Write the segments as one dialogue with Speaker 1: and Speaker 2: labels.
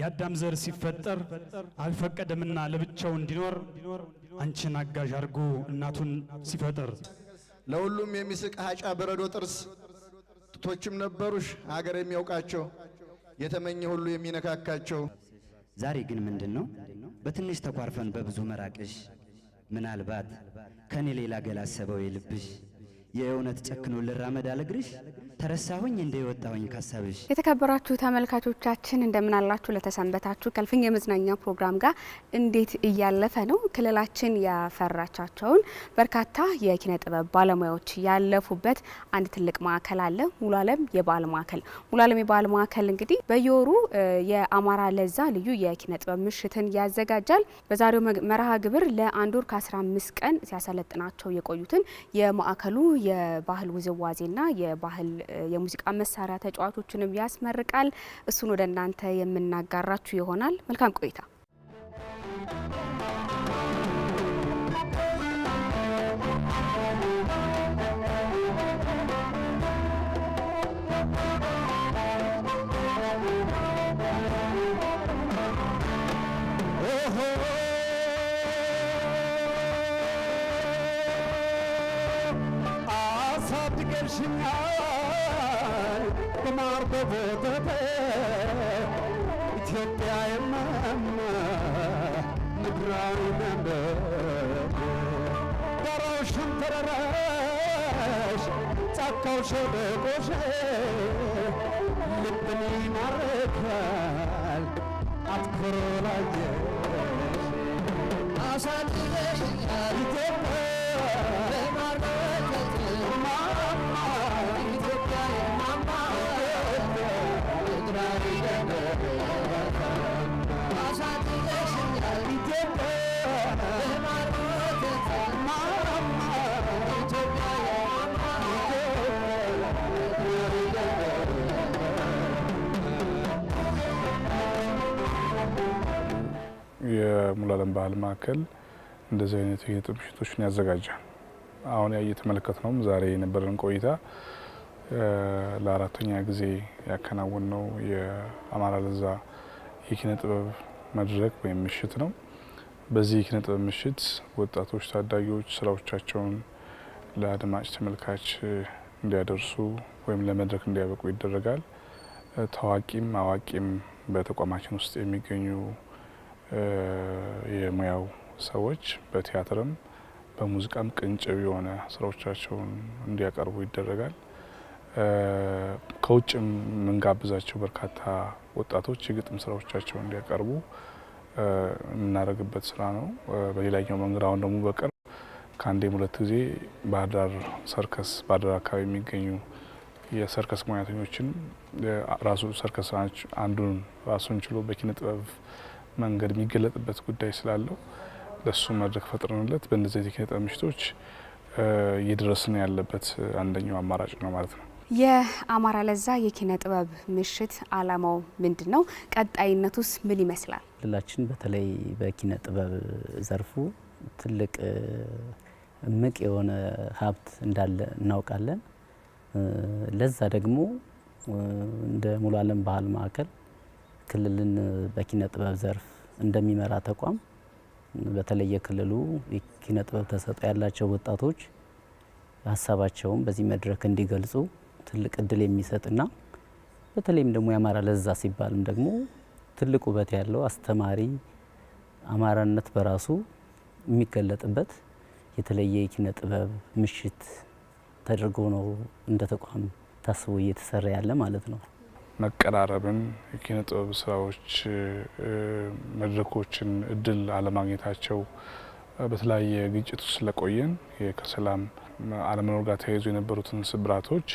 Speaker 1: የአዳም ዘር ሲፈጠር አልፈቀደምና ለብቻው እንዲኖር አንቺን አጋዥ አድርጎ እናቱን ሲፈጥር
Speaker 2: ለሁሉም የሚስቅ ሀጫ በረዶ ጥርስ ጡቶችም ነበሩሽ ሀገር የሚያውቃቸው የተመኘ ሁሉ የሚነካካቸው።
Speaker 3: ዛሬ ግን ምንድን ነው በትንሽ ተኳርፈን በብዙ መራቅሽ ምናልባት ከኔ ሌላ ገላሰበው የልብሽ የእውነት ጨክኖ ልራመድ አለግርሽ ተረሳሁኝ እንደ ወጣሁኝ ካሰብሽ።
Speaker 4: የተከበራችሁ ተመልካቾቻችን እንደምን አላችሁ? ለተሰንበታችሁ ከልፍኝ የመዝናኛ ፕሮግራም ጋር እንዴት እያለፈ ነው? ክልላችን ያፈራቻቸውን በርካታ የኪነ ጥበብ ባለሙያዎች ያለፉበት አንድ ትልቅ ማዕከል አለ፣ ሙሉ አለም የበዓል ማዕከል። ሙሉ አለም የበዓል ማዕከል እንግዲህ በየወሩ የአማራ ለዛ ልዩ የኪነ ጥበብ ምሽትን ያዘጋጃል። በዛሬው መርሃ ግብር ለአንድ ወር ከ15 ቀን ሲያሰለጥናቸው የቆዩትን የማዕከሉ የባህል ውዝዋዜና የባህል የሙዚቃ መሳሪያ ተጫዋቾችንም ያስመርቃል። እሱን ወደ እናንተ የምናጋራችሁ ይሆናል። መልካም ቆይታ። አሳድገሽኛል ቁማር ተቦተተ ኢትዮጵያ የማማ ምድራዊ መንበት ደራው ሽንተረራሽ
Speaker 5: ጫካው ሸለቆሽ ልብን ይማርካል አትኩሮ ላየሽ አሳድረሽ ኢትዮጵያ የሙላለም ባህል ማዕከል እንደዚህ አይነት የጥ ምሽቶችን ያዘጋጃል። አሁን እየተመለከት ነውም ዛሬ የነበረን ቆይታ ለአራተኛ ጊዜ ያከናወን ነው የአማራ ለዛ የኪነ ጥበብ መድረክ ወይም ምሽት ነው። በዚህ የኪነ ጥበብ ምሽት ወጣቶች፣ ታዳጊዎች ስራዎቻቸውን ለአድማጭ ተመልካች እንዲያደርሱ ወይም ለመድረክ እንዲያበቁ ይደረጋል። ታዋቂም አዋቂም በተቋማችን ውስጥ የሚገኙ የሙያው ሰዎች በቲያትርም በሙዚቃም ቅንጭብ የሆነ ስራዎቻቸውን እንዲያቀርቡ ይደረጋል። ከውጭም የምንጋብዛቸው በርካታ ወጣቶች የግጥም ስራዎቻቸውን እንዲያቀርቡ የምናደርግበት ስራ ነው። በሌላኛው መንገድ አሁን ደግሞ በቅርብ ከአንዴም ሁለት ጊዜ ባህርዳር ሰርከስ ባህርዳር አካባቢ የሚገኙ የሰርከስ ሙያተኞችን ራሱ ሰርከስ አንዱን ራሱን ችሎ በኪነ ጥበብ መንገድ የሚገለጥበት ጉዳይ ስላለው ለሱ መድረክ ፈጥረንለት በእነዚህ የኪነ ጥበብ ምሽቶች እየደረስን ያለበት አንደኛው አማራጭ ነው ማለት ነው።
Speaker 4: የአማራ ለዛ የኪነ ጥበብ ምሽት አላማው ምንድን ነው? ቀጣይነቱስ ምን ይመስላል?
Speaker 3: ክልላችን በተለይ በኪነ ጥበብ ዘርፉ ትልቅ እምቅ የሆነ ሀብት እንዳለ እናውቃለን። ለዛ ደግሞ እንደ ሙሉ ዓለም ባህል ማዕከል ክልልን በኪነ ጥበብ ዘርፍ እንደሚመራ ተቋም በተለየ ክልሉ የኪነ ጥበብ ተሰጥኦ ያላቸው ወጣቶች ሀሳባቸውን በዚህ መድረክ እንዲገልጹ ትልቅ እድል የሚሰጥና በተለይም ደግሞ የአማራ ለዛ ሲባልም ደግሞ ትልቅ ውበት ያለው አስተማሪ አማራነት በራሱ የሚገለጥበት የተለየ የኪነ ጥበብ ምሽት ተደርጎ ነው እንደ ተቋም ታስቦ እየተሰራ ያለ ማለት ነው።
Speaker 5: መቀራረብን፣ የኪነ ጥበብ ስራዎች መድረኮችን እድል አለማግኘታቸው በተለያየ ግጭት ውስጥ ስለቆየን ከሰላም አለመኖር ጋር ተያይዞ የነበሩትን ስብራቶች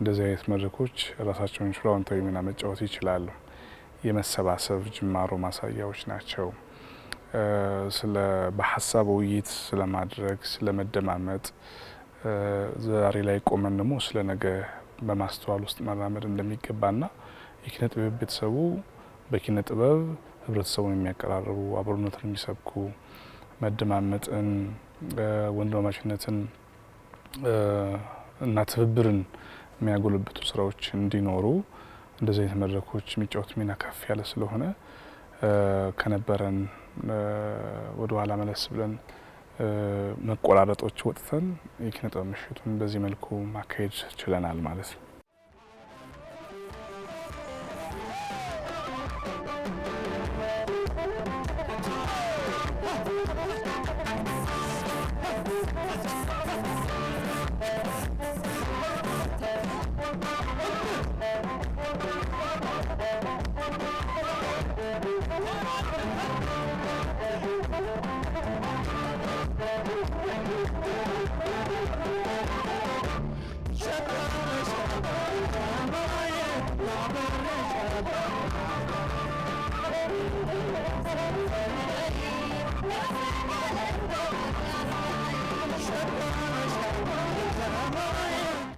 Speaker 5: እንደዚህ አይነት መድረኮች ራሳቸውን ችሎ አዎንታዊ ሚና መጫወት ይችላሉ። የመሰባሰብ ጅማሮ ማሳያዎች ናቸው። ስለ በሀሳብ ውይይት ስለማድረግ ስለመደማመጥ፣ ዛሬ ላይ ቆመን ደግሞ ስለ ነገ በማስተዋል ውስጥ መራመድ እንደሚገባና የኪነ ጥበብ ቤተሰቡ በኪነ ጥበብ ህብረተሰቡን የሚያቀራርቡ አብሮነትን የሚሰብኩ መደማመጥን፣ ወንድማማችነትን እና ትብብርን የሚያጎለብቱ ስራዎች እንዲኖሩ እንደዚህ አይነት መድረኮች የሚጫወት ሚና ከፍ ያለ ስለሆነ ከነበረን ወደ ኋላ መለስ ብለን መቆራረጦች ወጥተን የኪነ ጥበብ ምሽቱን በዚህ መልኩ ማካሄድ ችለናል ማለት ነው።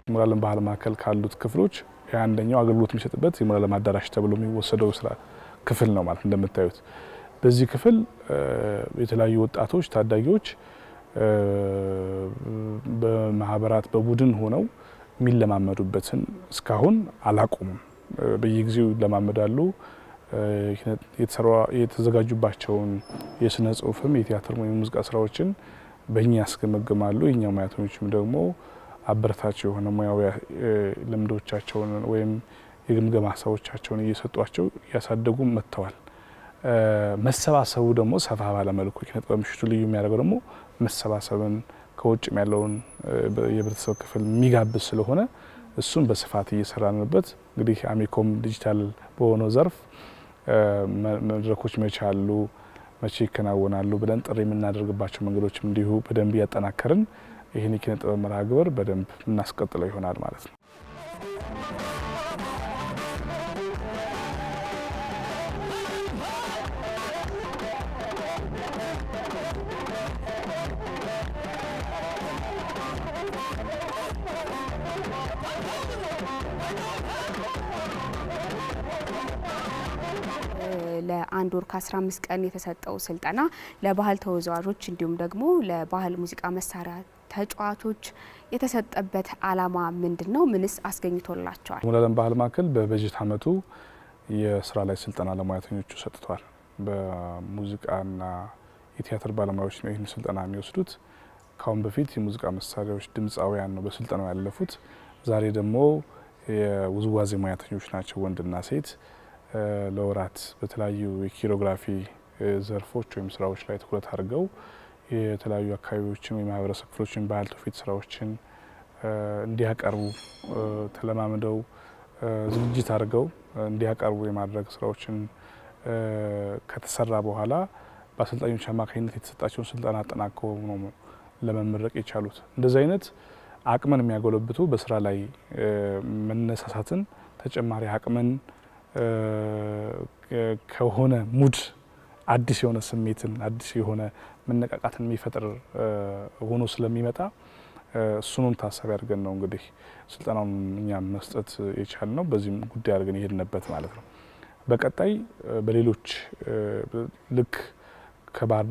Speaker 5: የሞራለም ባህል ማዕከል ካሉት ክፍሎች አንደኛው አገልግሎት የሚሰጥበት የሞራለም አዳራሽ ተብሎ የሚወሰደው ስራ ክፍል ነው ማለት እንደምታዩት። በዚህ ክፍል የተለያዩ ወጣቶች፣ ታዳጊዎች በማህበራት በቡድን ሆነው የሚለማመዱበትን እስካሁን አላቁሙም በየጊዜው ይለማመዳሉ። የተዘጋጁባቸውን የስነ ጽሁፍም የቲያትር ወይም የሙዚቃ ስራዎችን በእኛ ያስገመግማሉ። የእኛ ሙያተኞችም ደግሞ አበረታች የሆነ ሙያዊ ልምዶቻቸውን ወይም የግምገማ ሀሳቦቻቸውን እየሰጧቸው እያሳደጉ መጥተዋል። መሰባሰቡ ደግሞ ሰፋ ባለመልኩ የኪነጥበብ ምሽቱ ልዩ የሚያደርገው ደግሞ መሰባሰብን ከውጭም ያለውን የህብረተሰብ ክፍል የሚጋብዝ ስለሆነ እሱን በስፋት እየሰራንበት እንግዲህ አሚኮም ዲጂታል በሆነው ዘርፍ መድረኮች መቼ አሉ፣ መቼ ይከናወናሉ ብለን ጥሪ የምናደርግባቸው መንገዶችም እንዲሁ በደንብ እያጠናከርን ይህን የኪነ ጥበብ መርሃ ግብር በደንብ እናስቀጥለው ይሆናል ማለት ነው።
Speaker 4: ለአንድ ወር ከ15 ቀን የተሰጠው ስልጠና ለባህል ተወዛዋዦች እንዲሁም ደግሞ ለባህል ሙዚቃ መሳሪያ ተጫዋቾች የተሰጠበት አላማ ምንድን ነው? ምንስ አስገኝቶላቸዋል?
Speaker 5: ሙሉዓለም ባህል ማዕከል በበጀት አመቱ የስራ ላይ ስልጠና ለሙያተኞቹ ሰጥቷል። በሙዚቃና የቲያትር ባለሙያዎች ይህን ስልጠና የሚወስዱት ካሁን በፊት የሙዚቃ መሳሪያዎች ድምፃውያን ነው በስልጠናው ያለፉት። ዛሬ ደግሞ የውዝዋዜ ሙያተኞች ናቸው ወንድና ሴት ለወራት በተለያዩ የኪሮግራፊ ዘርፎች ወይም ስራዎች ላይ ትኩረት አድርገው የተለያዩ አካባቢዎችን ወይም ማህበረሰብ ክፍሎችን ባህል፣ ትውፊት ስራዎችን እንዲያቀርቡ ተለማምደው ዝግጅት አድርገው እንዲያቀርቡ የማድረግ ስራዎችን ከተሰራ በኋላ በአሰልጣኞች አማካኝነት የተሰጣቸውን ስልጠና አጠናቅቀው ነው ለመመረቅ የቻሉት። እንደዚህ አይነት አቅምን የሚያጎለብቱ በስራ ላይ መነሳሳትን ተጨማሪ አቅምን ከሆነ ሙድ አዲስ የሆነ ስሜትን አዲስ የሆነ መነቃቃትን የሚፈጥር ሆኖ ስለሚመጣ እሱኑን ታሳቢ አድርገን ነው እንግዲህ ስልጠናውን እኛ መስጠት የቻል ነው። በዚህም ጉዳይ አድርገን የሄድንበት ማለት ነው። በቀጣይ በሌሎች ልክ ከባህር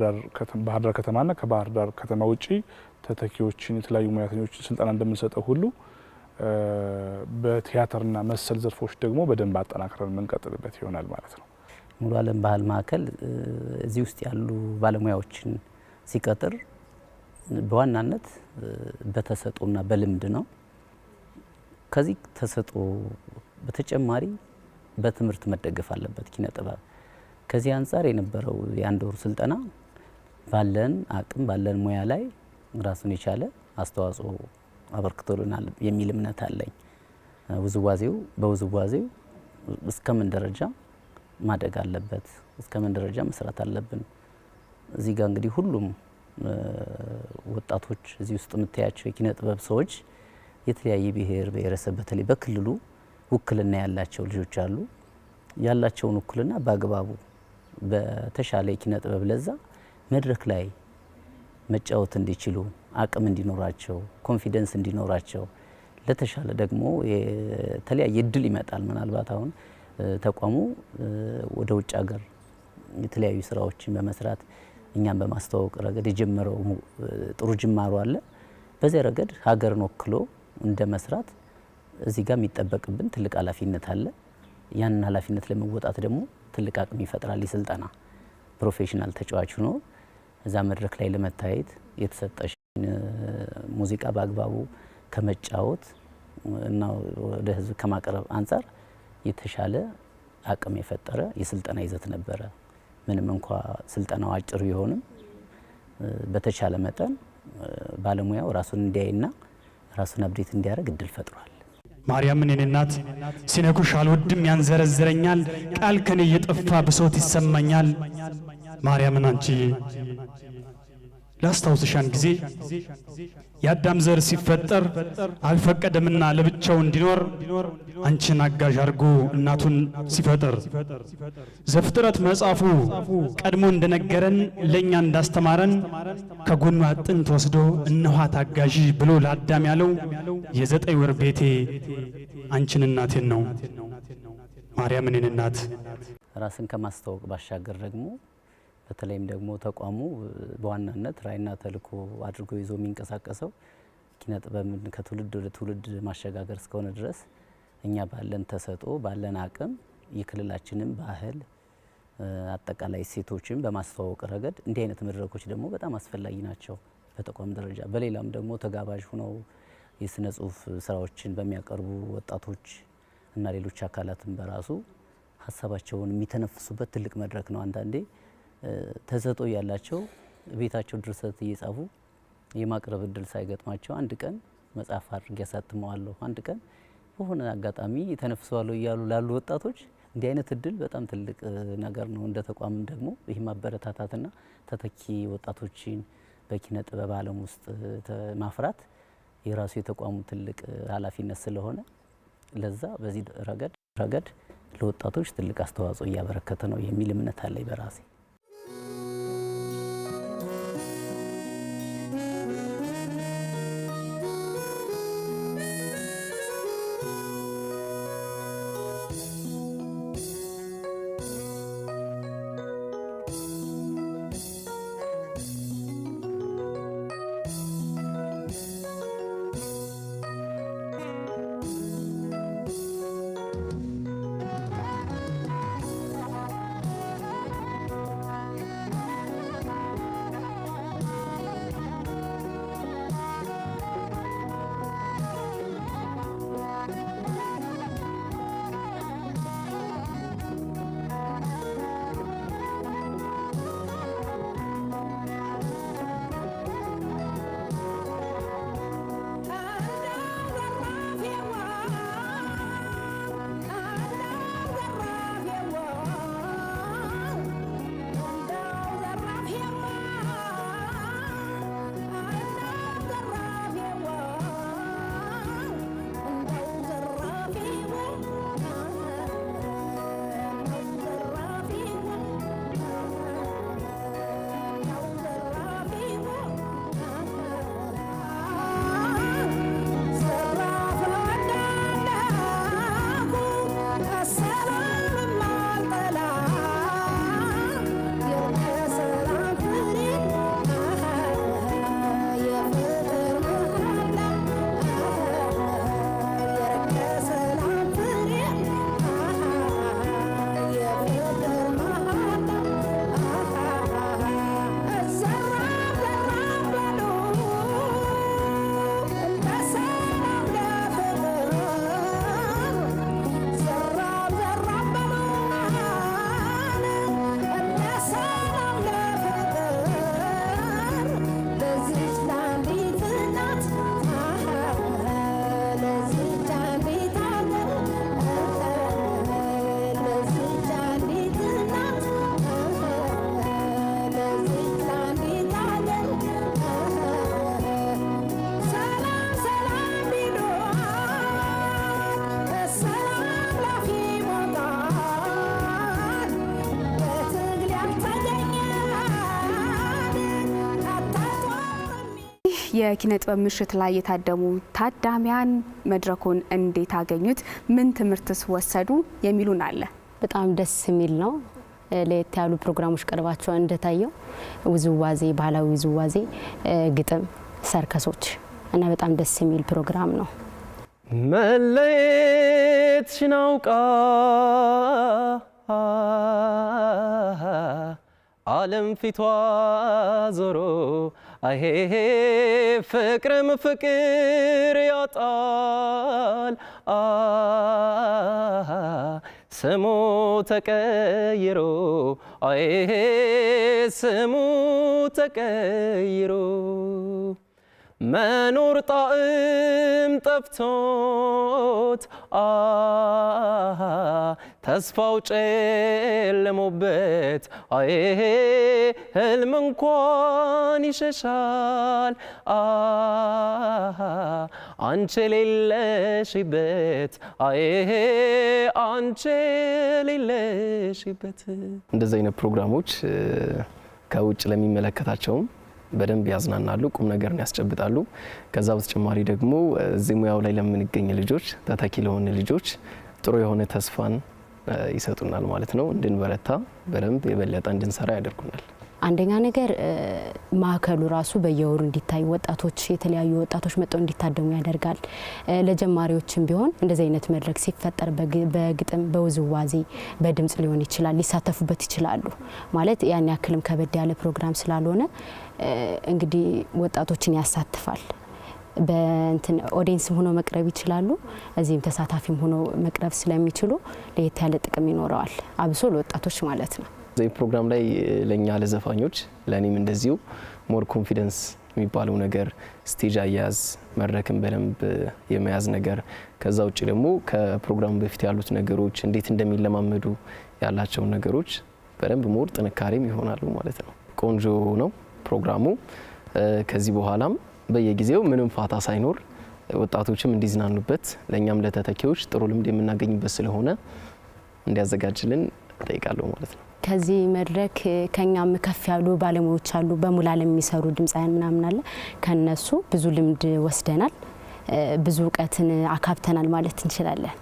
Speaker 5: ዳር ከተማና ከባህር ዳር ከተማ ውጪ ተተኪዎችን የተለያዩ ሙያተኞችን ስልጠና እንደምንሰጠው ሁሉ በቲያትርና መሰል ዘርፎች ደግሞ በደንብ አጠናክረን የምንቀጥልበት ይሆናል ማለት ነው።
Speaker 3: ሙሉ አለም ባህል ማዕከል እዚህ ውስጥ ያሉ ባለሙያዎችን ሲቀጥር በዋናነት በተሰጦና በልምድ ነው። ከዚህ ተሰጦ በተጨማሪ በትምህርት መደገፍ አለበት ኪነ ጥበብ። ከዚህ አንጻር የነበረው የአንድ ወር ስልጠና ባለን አቅም ባለን ሙያ ላይ ራሱን የቻለ አስተዋጽኦ አበርክቶልናል የሚል እምነት አለኝ። ውዝዋዜው በውዝዋዜው እስከምን ደረጃ ማደግ አለበት፣ እስከ ምን ደረጃ መስራት አለብን። እዚህ ጋር እንግዲህ ሁሉም ወጣቶች እዚህ ውስጥ የምታያቸው የኪነ ጥበብ ሰዎች የተለያየ ብሔር ብሔረሰብ በተለይ በክልሉ ውክልና ያላቸው ልጆች አሉ። ያላቸውን ውክልና በአግባቡ በተሻለ የኪነ ጥበብ ለዛ መድረክ ላይ መጫወት እንዲችሉ አቅም እንዲኖራቸው ኮንፊደንስ እንዲኖራቸው ለተሻለ ደግሞ የተለያየ እድል ይመጣል ምናልባት አሁን ተቋሙ ወደ ውጭ ሀገር የተለያዩ ስራዎችን በመስራት እኛም በማስተዋወቅ ረገድ የጀመረው ጥሩ ጅማሮ አለ። በዚያ ረገድ ሀገርን ወክሎ እንደ መስራት እዚህ ጋር የሚጠበቅብን ትልቅ ኃላፊነት አለ። ያንን ኃላፊነት ለመወጣት ደግሞ ትልቅ አቅም ይፈጥራል። የስልጠና ፕሮፌሽናል ተጫዋች ሆኖ እዛ መድረክ ላይ ለመታየት የተሰጠሽን ሙዚቃ በአግባቡ ከመጫወት እና ወደ ህዝብ ከማቅረብ አንጻር የተሻለ አቅም የፈጠረ የስልጠና ይዘት ነበረ። ምንም እንኳ ስልጠናው አጭር ቢሆንም በተቻለ መጠን ባለሙያው ራሱን እንዲያይና ራሱን አብዴት እንዲያደርግ እድል ፈጥሯል።
Speaker 1: ማርያም እኔን እናት ሲነኩሽ አልወድም፣ ያንዘረዝረኛል ቃል ከኔ እየጠፋ ብሶት ይሰማኛል። ማርያምን አንቺ ላስታውስሻን ጊዜ የአዳም ዘር ሲፈጠር አልፈቀደምና ለብቻው እንዲኖር አንቺን አጋዥ አድርጎ እናቱን ሲፈጥር ዘፍጥረት መጽሐፉ ቀድሞ እንደነገረን ለእኛ እንዳስተማረን ከጎኗ አጥንት ወስዶ እነኋት አጋዥ ብሎ ለአዳም ያለው የዘጠኝ ወር ቤቴ አንቺን እናቴን ነው ማርያምን እናት
Speaker 3: ራስን ከማስተዋወቅ ባሻገር ደግሞ በተለይም ደግሞ ተቋሙ በዋናነት ራዕይና ተልዕኮ አድርጎ ይዞ የሚንቀሳቀሰው ኪነ ጥበብን ከትውልድ ወደ ትውልድ ማሸጋገር እስከሆነ ድረስ እኛ ባለን ተሰጦ ባለን አቅም የክልላችንን ባህል አጠቃላይ ሴቶችን በማስተዋወቅ ረገድ እንዲህ አይነት መድረኮች ደግሞ በጣም አስፈላጊ ናቸው። በተቋም ደረጃ በሌላም ደግሞ ተጋባዥ ሆነው የስነ ጽሁፍ ስራዎችን በሚያቀርቡ ወጣቶች እና ሌሎች አካላትን በራሱ ሀሳባቸውን የሚተነፍሱበት ትልቅ መድረክ ነው አንዳንዴ ተሰጦ ያላቸው ቤታቸው ድርሰት እየጻፉ የማቅረብ እድል ሳይገጥማቸው አንድ ቀን መጽሐፍ አድርጌ ያሳትመዋለሁ፣ አንድ ቀን በሆነ አጋጣሚ ተነፍሰዋለሁ እያሉ ላሉ ወጣቶች እንዲህ አይነት እድል በጣም ትልቅ ነገር ነው። እንደ ተቋም ደግሞ ይህ ማበረታታትና ተተኪ ወጣቶችን በኪነ ጥበብ ዓለም ውስጥ ማፍራት የራሱ የተቋሙ ትልቅ ኃላፊነት ስለሆነ ለዛ በዚህ ረገድ ለወጣቶች ትልቅ አስተዋጽኦ እያበረከተ ነው የሚል እምነት አለኝ በራሴ።
Speaker 4: የኪነ ጥበብ ምሽት ላይ የታደሙ ታዳሚያን መድረኩን እንዴት አገኙት? ምን ትምህርትስ ወሰዱ? የሚሉን አለ።
Speaker 6: በጣም ደስ የሚል ነው። ለየት ያሉ ፕሮግራሞች ቀርባቸው እንደታየው ውዝዋዜ፣ ባህላዊ ውዝዋዜ፣ ግጥም፣ ሰርከሶች እና በጣም ደስ የሚል ፕሮግራም ነው። መለየት ሽናውቃ ዓለም ፊቷ ዞሮ አይሄ ፍቅርም ፍቅር ያጣል ስሙ ተቀይሮ አይሄ ስሙ ተቀይሮ
Speaker 7: መኖር ጣዕም ጠፍቶት አ ተስፋው ጨለሞበት አይሄ ህልም እንኳን ይሸሻል አ አንቺ ሌለሽበት አይሄ አንቺ ሌለሽበት እንደዚህ አይነት ፕሮግራሞች ከውጭ ለሚመለከታቸውም በደንብ ያዝናናሉ፣ ቁም ነገርን ያስጨብጣሉ። ከዛ በተጨማሪ ደግሞ እዚህ ሙያው ላይ ለምንገኝ ልጆች፣ ተተኪ ለሆነ ልጆች ጥሩ የሆነ ተስፋን ይሰጡናል ማለት ነው። እንድንበረታ በደንብ የበለጠ እንድንሰራ ያደርጉናል።
Speaker 6: አንደኛ ነገር ማዕከሉ ራሱ በየወሩ እንዲታይ ወጣቶች የተለያዩ ወጣቶች መጠው እንዲታደሙ ያደርጋል። ለጀማሪዎችም ቢሆን እንደዚህ አይነት መድረክ ሲፈጠር በግጥም፣ በውዝዋዜ፣ በድምጽ ሊሆን ይችላል ሊሳተፉበት ይችላሉ። ማለት ያን ያክልም ከበድ ያለ ፕሮግራም ስላልሆነ እንግዲህ ወጣቶችን ያሳትፋል። በእንትን ኦዲየንስም ሆኖ መቅረብ ይችላሉ። እዚህም ተሳታፊም ሆኖ መቅረብ ስለሚችሉ ለየት ያለ ጥቅም ይኖረዋል። አብሶ ለወጣቶች ማለት ነው።
Speaker 7: ዚህ ፕሮግራም ላይ ለእኛ ለዘፋኞች ለእኔም እንደዚሁ ሞር ኮንፊደንስ የሚባለው ነገር ስቴጅ አያያዝ መድረክን በደንብ የመያዝ ነገር፣ ከዛ ውጭ ደግሞ ከፕሮግራሙ በፊት ያሉት ነገሮች እንዴት እንደሚለማመዱ ያላቸውን ነገሮች በደንብ ሞር ጥንካሬም ይሆናሉ ማለት ነው። ቆንጆ ነው ፕሮግራሙ። ከዚህ በኋላም በየጊዜው ምንም ፋታ ሳይኖር ወጣቶችም እንዲዝናኑበት ለእኛም ለተተኪዎች ጥሩ ልምድ የምናገኝበት ስለሆነ እንዲያዘጋጅልን እጠይቃለሁ ማለት ነው።
Speaker 6: ከዚህ መድረክ ከኛም ከፍ ያሉ ባለሙያዎች አሉ። በሙላ ለሚሰሩ ድምፃውያን ምናምን አለ። ከነሱ ብዙ ልምድ ወስደናል፣ ብዙ እውቀትን አካብተናል ማለት እንችላለን።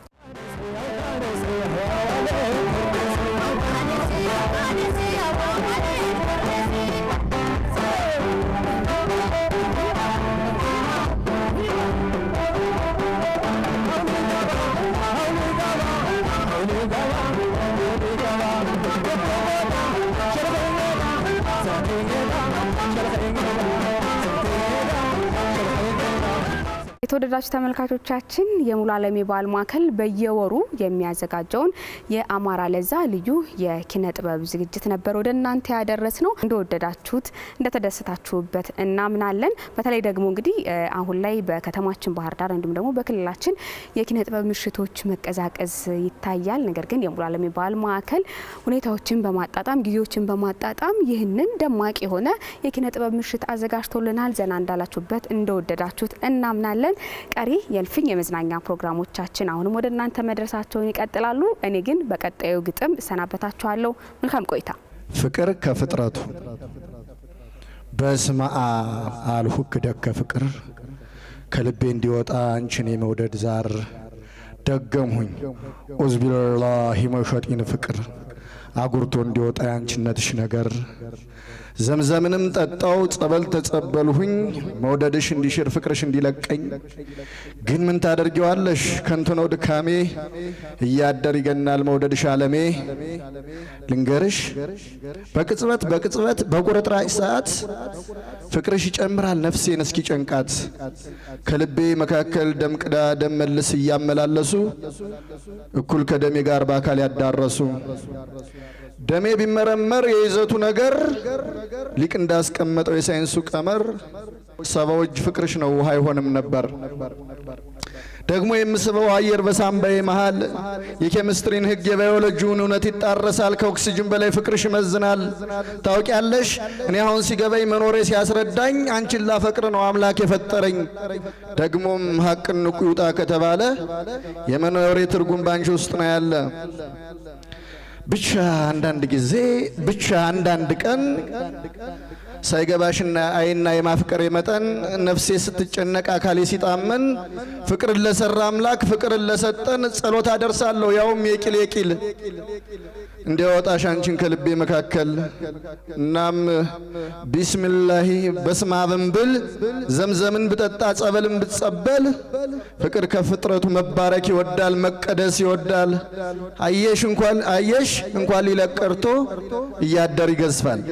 Speaker 4: in your የተወደዳችሁ ተመልካቾቻችን የሙሉ ዓለም የባህል ማዕከል በየወሩ የሚያዘጋጀውን የአማራ ለዛ ልዩ የኪነ ጥበብ ዝግጅት ነበር ወደ እናንተ ያደረስ ነው። እንደወደዳችሁት እንደተደሰታችሁበት እናምናለን። በተለይ ደግሞ እንግዲህ አሁን ላይ በከተማችን ባህር ዳር እንዲሁም ደግሞ በክልላችን የኪነ ጥበብ ምሽቶች መቀዛቀዝ ይታያል። ነገር ግን የሙሉ ዓለም የባህል ማዕከል ሁኔታዎችን በማጣጣም ጊዜዎችን በማጣጣም ይህንን ደማቅ የሆነ የኪነ ጥበብ ምሽት አዘጋጅቶልናል። ዘና እንዳላችሁበት እንደወደዳችሁት እናምናለን። ቀሪ የእልፍኝ የመዝናኛ ፕሮግራሞቻችን አሁንም ወደ እናንተ መድረሳቸውን ይቀጥላሉ። እኔ ግን በቀጣዩ ግጥም እሰናበታችኋለሁ። መልካም ቆይታ።
Speaker 8: ፍቅር ከፍጥረቱ በስመ አብ አልሁክ ደከ ፍቅር ከልቤ እንዲወጣ አንቺን የመውደድ ዛር ደገምሁኝ ኡዝቢላላሂ መሸጢን ፍቅር አጉርቶ እንዲወጣ የአንቺነትሽ ነገር ዘምዘምንም ጠጣው ጸበል ተጸበልሁኝ፣ መውደድሽ እንዲሽር ፍቅርሽ እንዲለቀኝ። ግን ምን ታደርጊዋለሽ? ከንቱ ነው ድካሜ፣ እያደር ይገናል መውደድሽ አለሜ። ልንገርሽ በቅጽበት በቅጽበት በቁርጥራጭ ሰዓት ፍቅርሽ ይጨምራል ነፍሴን እስኪጨንቃት። ከልቤ መካከል ደም ቅዳ ደም መልስ እያመላለሱ እኩል ከደሜ ጋር በአካል ያዳረሱ ደሜ ቢመረመር የይዘቱ ነገር ሊቅ እንዳስቀመጠው የሳይንሱ ቀመር ሰባው እጅ ፍቅርሽ ነው ውሃ አይሆንም ነበር። ደግሞ የምስበው አየር በሳምባዬ መሃል የኬሚስትሪን ህግ የባዮሎጂውን እውነት ይጣረሳል። ከኦክሲጅን በላይ ፍቅርሽ ይመዝናል። ታውቂያለሽ፣ እኔ አሁን ሲገባኝ መኖሬ ሲያስረዳኝ አንቺን ላፈቅር ነው አምላክ የፈጠረኝ። ደግሞም ሀቅን ንቁ ይውጣ ከተባለ የመኖሬ ትርጉም ባንቺ ውስጥ ነው ያለ ብቻ አንዳንድ ጊዜ ብቻ አንዳንድ ቀን ሳይገባሽና አይና የማፍቀር መጠን ነፍሴ ስትጨነቅ አካሌ ሲጣመን ፍቅርን ለሰራ አምላክ ፍቅርን ለሰጠን ጸሎት አደርሳለሁ ያውም የቂል የቂል እንዲያወጣሽ አንቺን ከልቤ መካከል እናም ቢስሚላሂ በስማብን ብል ዘምዘምን ብጠጣ ጸበልን ብትጸበል ፍቅር ከፍጥረቱ መባረክ ይወዳል መቀደስ ይወዳል። አየሽ እንኳን አየሽ እንኳን ሊለቀርቶ እያደር ይገዝፋል።